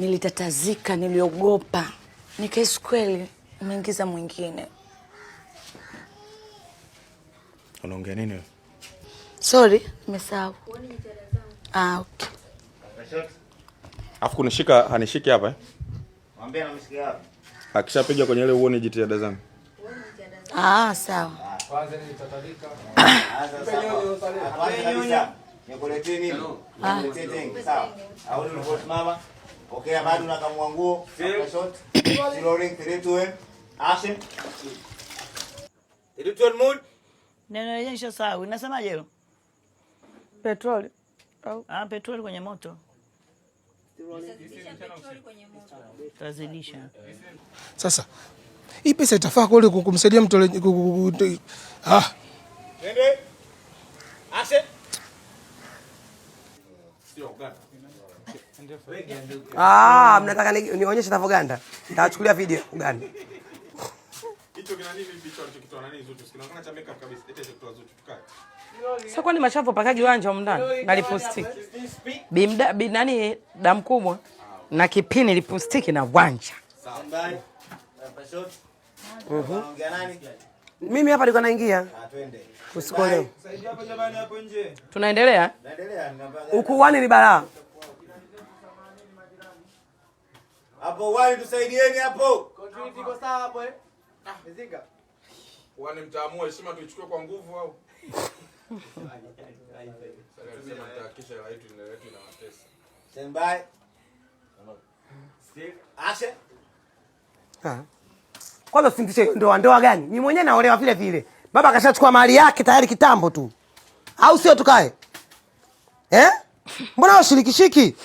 Nilitatazika, niliogopa, nikahisi kweli umeingiza mwingine. Unaongea nini wewe? Sorry, nimesahau. Ah, okay. Afu kunishika hanishiki hapa eh? Akishapiga kwenye ile uone jitihada zangu. Ah, sawa. Ah, kwanza Pokea bado na kamua nguo. Neno lenyewe nishasahau. Inasemaje hilo? Petroli. Ah, petroli kwenye moto. Tazidisha. Sasa hii pesa itafaa kule kumsaidia mtu ah. Nende. Ase. Ah, mnataka nionyeshe Uganda? Nitawachukulia video Uganda. Sasa kwani mashavu pakagi wanja mndani na lipostiki bimda binani damu kubwa na kipini lipustiki na wanja mimi hapa niko naingia. Ah, Usikolewe. Tunaendelea ukuwani ni balaa hapo wani, tusaidieni hapo. Eh? Ah, wani mtaamua heshima tuichukue kwa nguvu au ah. kwanza? Sintishe ndoa ndoa gani? Ni mwenyewe naolewa vile vile baba akashachukua mali yake tayari kitambo tu, au sio? Tukae eh? mbona ushirikishiki